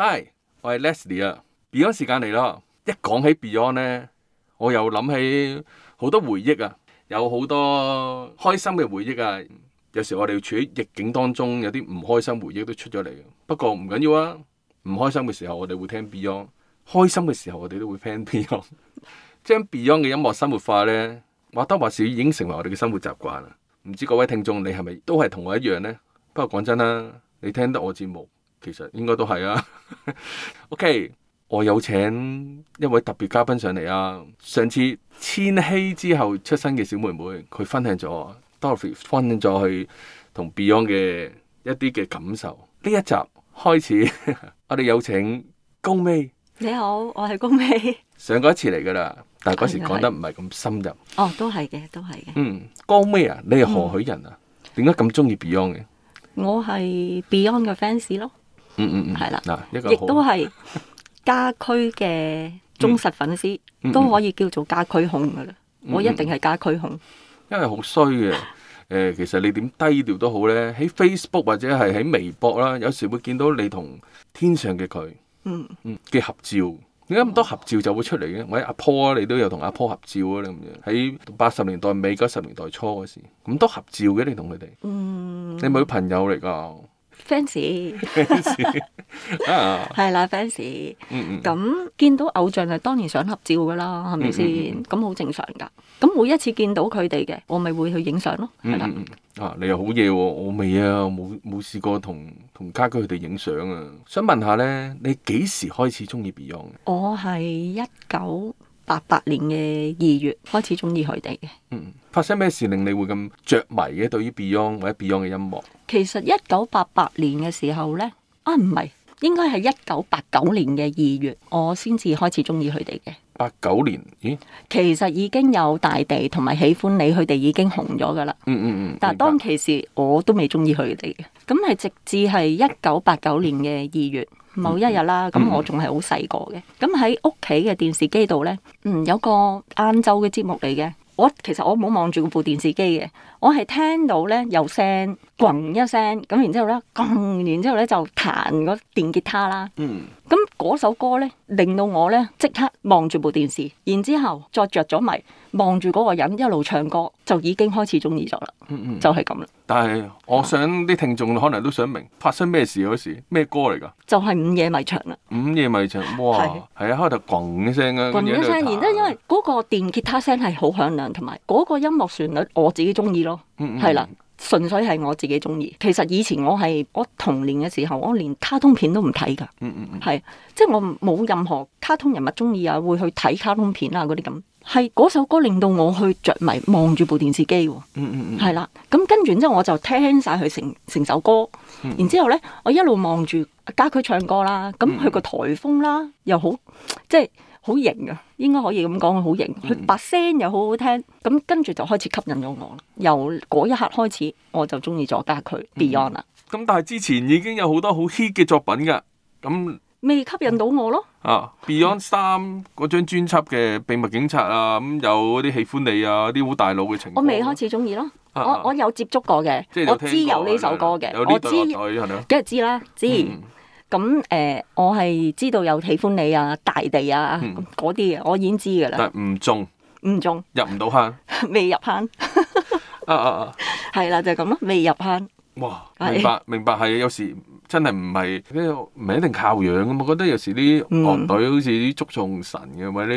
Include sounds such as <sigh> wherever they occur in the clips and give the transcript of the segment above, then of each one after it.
Hi，我係 Leslie 啊。Beyond 時間嚟啦，一講起 Beyond 咧，我又諗起好多回憶啊，有好多開心嘅回憶啊。有時我哋處於逆境當中，有啲唔開心回憶都出咗嚟。不過唔緊要啊，唔開心嘅時候我哋會聽 Beyond，開心嘅時候我哋都會聽 Beyond。將 <laughs> Beyond 嘅音樂生活化咧，或多或少已經成為我哋嘅生活習慣啦。唔知各位聽眾你係咪都係同我一樣咧？不過講真啦，你聽得我節目。其實應該都係啊。 <laughs> OK，我有請一位特別嘉賓上嚟啊。上次千禧之後出生嘅小妹妹，佢分享咗 Dorothy 分享咗佢同 Beyond 嘅一啲嘅感受。呢一集開始， <laughs> 我哋有請高美。你好，我係高美。上過一次嚟噶啦，但係嗰時講得唔係咁深入啊。哦，都係嘅，都係嘅。嗯，高美啊，你係何許人啊？點解咁中意 Beyond 嘅？麼麼我係 Beyond 嘅 fans 咯。嗯嗯嗯，係啦，嗱，亦都係家駒嘅忠實粉絲， <laughs> 嗯、嗯嗯都可以叫做家駒控噶啦。嗯嗯我一定係家駒控，因為好衰嘅。誒， <laughs> 其實你點低調都好咧，喺 Facebook 或者係喺微博啦，有時會見到你同天上嘅佢，嗯嘅、嗯、合照。點解咁多合照就會出嚟嘅？哦、喂，阿坡你都有同阿坡合照啊？你咁樣喺八十年代尾九十年代初嗰時，咁多合照嘅你同佢哋，嗯， <laughs> 你咪朋友嚟㗎。fans，係啦 fans，咁見到偶像就當然想合照噶啦，係咪先？咁好，嗯嗯嗯，正常噶。咁每一次見到佢哋嘅，我咪會去影相咯。係啦，嗯嗯，啊你又好嘢喎，我未啊，冇冇試過同同家居佢哋影相啊。想問下咧，你幾時開始中意 Beyond？我係一九。八八年嘅二月開始中意佢哋嘅。嗯，發生咩事令你會咁着迷嘅？對於 Beyond 或者 Beyond 嘅音樂，其實一九八八年嘅時候咧，啊唔係，應該係一九八九年嘅二月，我先至開始中意佢哋嘅。八九年，咦？其實已經有大地同埋喜歡你，佢哋已經紅咗㗎喇。嗯嗯嗯。但係當其時我都未中意佢哋嘅，咁係直至係一九八九年嘅二月。某一日啦，咁我仲係好細個嘅，咁喺屋企嘅電視機度咧，嗯，有個晏晝嘅節目嚟嘅，我其實我冇望住部電視機嘅。我係聽到咧有聲，咣一聲咁，然之後咧，咣，然之後咧就彈個電吉他啦。嗯。咁嗰首歌咧，令到我咧即刻望住部電視，然之後再着咗迷，望住嗰個人一路唱歌，就已經開始中意咗啦。嗯嗯。就係咁啦。但係我想啲聽眾可能都想明發生咩事嗰時，咩歌嚟㗎？就係午夜迷牆啦。午夜迷牆，哇！係啊是，開頭咣一聲啊，跟住喺度彈。咣一聲，然之後因為嗰個電吉他聲係好響亮，同埋嗰個音樂旋律我自己中意。咯，係啦，純粹係我自己中意。其實以前我係我童年嘅時候，我連卡通片都唔睇噶，係，即係我冇任何卡通人物中意啊，會去睇卡通片啊嗰啲咁。係嗰首歌令到我去着迷，望住部電視機，係啦。咁跟住之後我就聽晒佢成成首歌，然之後咧，我一路望住家駒唱歌啦。咁佢個台風啦，又好即係。好型嘅，應該可以咁講，佢好型。佢把聲又好好聽，咁跟住就開始吸引咗我啦。由嗰一刻開始，我就中意咗加佢 Beyond 啦了。咁、嗯、但係之前已經有好多好 hit 嘅作品㗎，咁未吸引到我咯。啊，Beyond 三嗰張專輯嘅《秘密警察》啊，咁、嗯、有嗰啲喜歡你啊，啲好大佬嘅情況，啊。我未開始中意咯。我我有接觸過嘅，啊啊即我知有呢首歌嘅，的我知梗係知啦，知。嗯咁誒，我係知道有喜歡你啊、大地啊嗰啲嘅，我已經知㗎啦。但係唔中，唔中，入唔到坑，未入坑。 <laughs> 啊啊啊！係啦， <laughs> 就係咁咯，未入坑。哇！是明白，明白係有時真係唔係，唔係一定靠樣嘅。我覺得有時啲樂隊好似啲捉重神嘅，或者。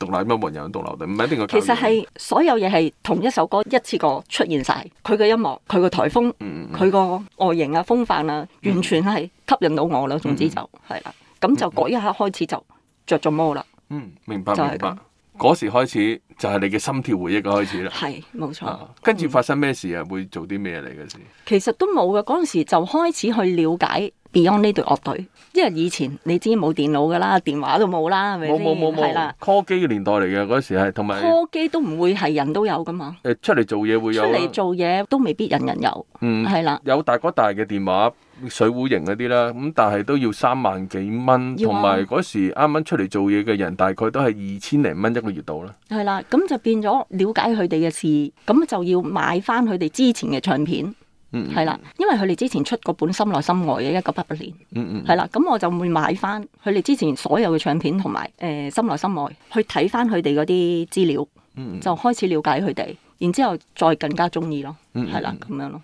獨立音樂人獨立唔係邊個？一定其實係所有嘢，係同一首歌一次過出現晒，佢嘅音樂、佢個台風、佢個外形啊、風範啊，完全係吸引到我啦。嗯、總之就係啦，咁就嗰一刻開始就着咗魔啦。嗯，明白，就明白。嗰時開始就係你嘅心跳回憶嘅開始啦。係，冇錯。跟住、啊嗯、發生咩事啊？會做啲咩嚟嘅事？其實都冇嘅。嗰陣時就開始去了解。Beyond 呢隊樂隊，因為以前你知冇電腦噶啦，電話都冇啦，係咪？冇，冇，冇，冇，係啦，call 機嘅年代嚟嘅嗰時係，同埋 call 機都唔會係人都有噶嘛。誒、呃，出嚟做嘢會有。出嚟做嘢都未必人人有。嗯，係啦。有大哥大嘅電話、水壺型嗰啲啦，咁但係都要三萬幾蚊，同埋嗰時啱啱出嚟做嘢嘅人大概都係二千零蚊一個月度啦。係啦，咁就變咗了，了解佢哋嘅事，咁就要買翻佢哋之前嘅唱片。嗯，係啦，因為佢哋之前出過本《心內心外》嘅一九八八年。嗯嗯，係啦，咁我就會買翻佢哋之前所有嘅唱片同埋誒《心內心外》去睇翻佢哋嗰啲資料，嗯嗯就開始了解佢哋，然之後再更加中意咯，嗯嗯，係啦，咁樣咯，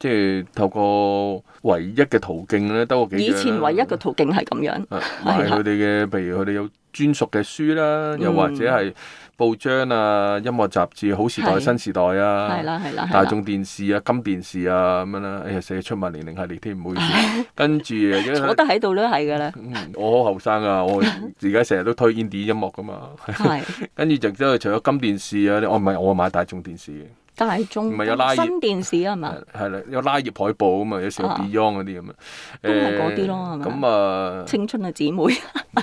即係透過唯一嘅途徑咧，得個幾，以前唯一嘅途徑係咁樣，係佢哋嘅，譬如佢哋有專屬嘅書啦，嗯、又或者係。報章啊，音樂雜誌，《好時代》《新時代》啊，大眾電視啊，金電視啊，咁樣啦、啊，誒、哎、寫出埋年齡系列添，唔好意思。 <laughs> 跟住我坐得喺度都係噶啦。我好後生啊，我而家成日都推 Indie 音樂噶嘛。的 <laughs> 跟住就即係除咗金電視啊，我唔係我買大眾電視嘅。大眾新電視啊嘛，係啦，有拉葉海報啊嘛，有時 Beyond 嗰啲咁啊，都係嗰啲咯，係咪？咁啊，青春啊姊妹，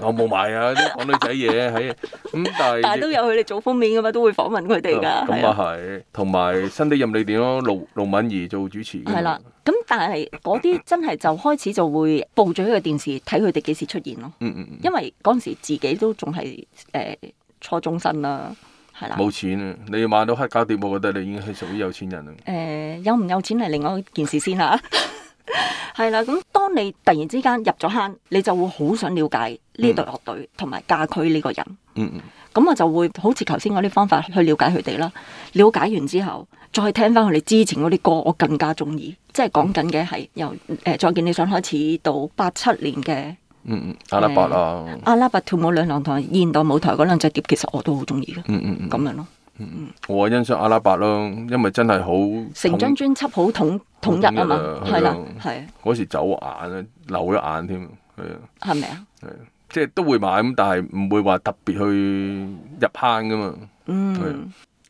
我冇埋啊？啲講女仔嘢喺咁，但係，但係都有佢哋做封面噶嘛，都會訪問佢哋噶。咁啊係，同埋新的任你點咯，盧盧敏儀做主持。係啦，咁但係嗰啲真係就開始就會報咗呢個電視睇佢哋幾時出現咯。因為嗰陣時自己都仲係誒初中生啦。冇錢、啊，你要買到黑膠碟，我覺得你已經係屬於有錢人啦。誒、呃，有唔有錢係另外一件事先啦。係 <laughs> 啦，咁當你突然之間入咗坑，你就會好想了解呢隊樂隊同埋家駒呢個人。嗯嗯。咁我就會好似頭先嗰啲方法去了解佢哋啦。了解完之後，再聽翻佢哋之前嗰啲歌，我更加中意。即係講緊嘅係由誒、呃、再見理想開始到八七年嘅。嗯嗯，阿拉伯啊、嗯，阿拉伯跳舞兩堂台現代舞台嗰兩隻碟，其實我都好中意嘅。嗯嗯咁、嗯、樣咯。嗯嗯，我欣賞阿拉伯咯，因為真係好成張專輯好統統一啊嘛，係啦，係。嗰時走眼咧，漏咗眼添，係啊。係咪啊？係， <noise> <noise> 即係都會買咁，但係唔會話特別去入坑噶嘛。嗯，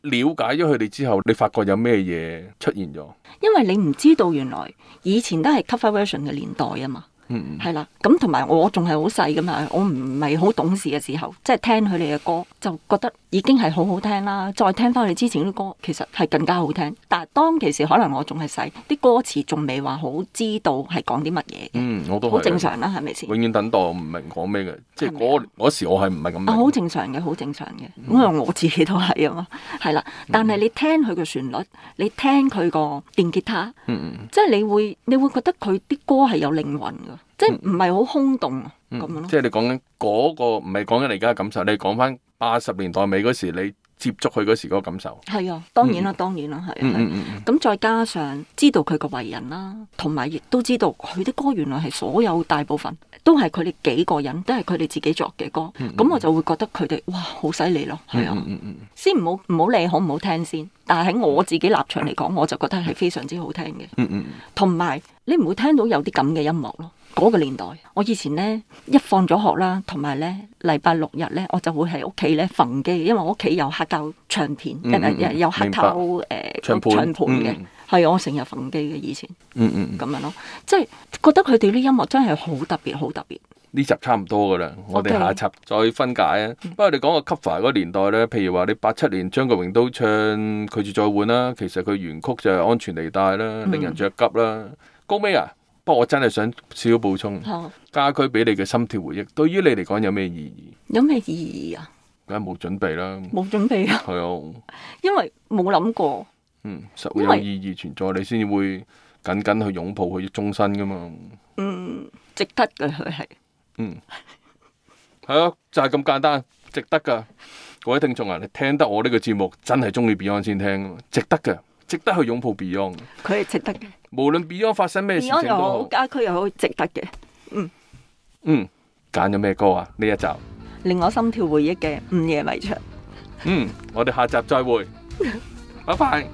了解咗佢哋之後，你發覺有咩嘢出現咗？因為你唔知道原來以前都係 cover version 嘅年代啊嘛。嗯係啦，咁同埋我仲係好細㗎嘛，我唔係好懂事嘅時候，即係聽佢哋嘅歌就覺得。已經係好好聽啦，再聽翻你之前啲歌，其實係更加好聽。但係當其時可能我仲係細，啲歌詞仲未話好知道係講啲乜嘢嘅，嗯，我都好正常啦，係咪先？永遠等待唔明講咩嘅，即係我嗰時我係唔係咁啊，好正常嘅，好正常嘅，咁為、嗯、我自己都係啊嘛，係啦。但係你聽佢個旋律，你聽佢個電吉他，嗯、即係你會你會覺得佢啲歌係有靈魂㗎。即係唔係好空洞咁樣咯？即係你講緊嗰個唔係講緊你而家嘅感受，你講翻八十年代尾嗰時你接觸佢嗰時嗰個感受係啊，當然啦，當然啦，係啊，咁再加上知道佢個為人啦，同埋亦都知道佢啲歌原來係所有大部分都係佢哋幾個人都係佢哋自己作嘅歌，咁我就會覺得佢哋哇，好犀利咯，係啊，先唔好唔好理好唔好聽先，但係喺我自己立場嚟講，我就覺得係非常之好聽嘅，同埋你唔會聽到有啲咁嘅音樂咯。嗰個年代，我以前咧一放咗學啦，同埋咧禮拜六日咧，我就會喺屋企咧焚機，因為我屋企有黑膠唱片，一有黑膠誒唱片嘅，係我成日焚機嘅以前，嗯嗯咁樣咯，即係覺得佢哋啲音樂真係好特別，好特別。呢集差唔多噶啦，我哋下一集再分解啊。不過你講個 cover 嗰個年代咧，譬如話你八七年張國榮都唱，拒絕再換啦。其實佢原曲就係《安全地帶》啦，《令人着急》啦，高尾啊。不過我真係想少少補充，啊、家駒俾你嘅心跳回憶，對於你嚟講有咩意義？有咩意義啊？梗係冇準備啦，冇準備啊？係啊，因為冇諗過。嗯，實會有意義存在，為你先會緊緊去擁抱佢終身噶嘛。嗯，值得噶佢係。嗯，係啊！就係、是、咁簡單，值得噶。各位聽眾啊，你聽得我呢個節目，真係中意 Beyond 先聽，值得噶。值得去擁抱 Beyond，佢係值得嘅。無論 Beyond 發生咩事情都好，家駒又好，值得嘅。嗯嗯，揀咗咩歌啊？呢一集令我心跳回憶嘅《午夜迷牆》。嗯，我哋下集再會，拜拜，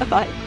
拜拜。